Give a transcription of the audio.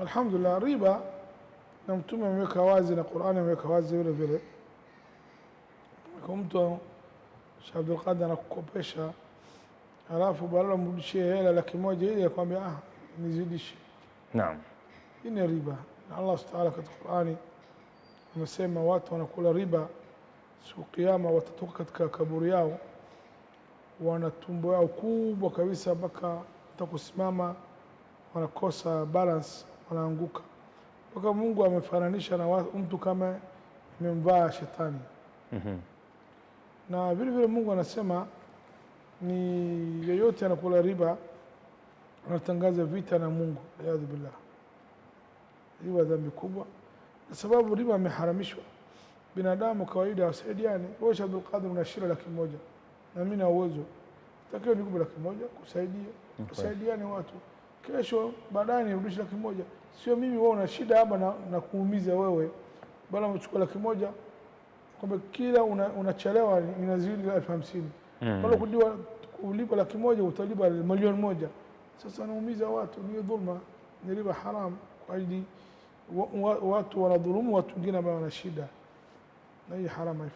Alhamdulillah, riba na Mtume ameweka wazi na Qur'ani ameweka wazi vile vile. Kwa mtu Sheikh Abdul Qadir anakukopesha, alafu badala mrudishie hela laki moja ile akwambia ah, nizidishe. Naam, hii ni riba, na Allah Taala katika Qur'ani amesema watu wanakula riba, siku kiyama watatoka katika kaburi yao wana tumbo yao kubwa kabisa, mpaka watakusimama wanakosa balance wanaanguka mpaka Mungu amefananisha na mtu kama imemvaa shetani mm -hmm. Na vile vile Mungu anasema ni yeyote anakula riba anatangaza vita na Mungu, aiyadhu billah. Riba dhambi kubwa, na sababu riba ameharamishwa. Binadamu kawaida wasaidiani, wewe Sheikh Abdulqadir una shira laki moja na mimi na uwezo takiwa nikupe laki moja kusaidia, kusaidiane watu kesho baadaye nirudishe laki moja. Sio mimi wewe una shida hapa na, na kuumiza wewe, bali umechukua laki moja kwamba kila unachelewa una inazidi elfu hamsini mm. bali kudiwa kulipa laki moja utalipa milioni moja. Sasa naumiza watu, ni dhulma, ni riba haram kwa ajili watu wanadhulumu watu wengine ambao wana shida na hii haram.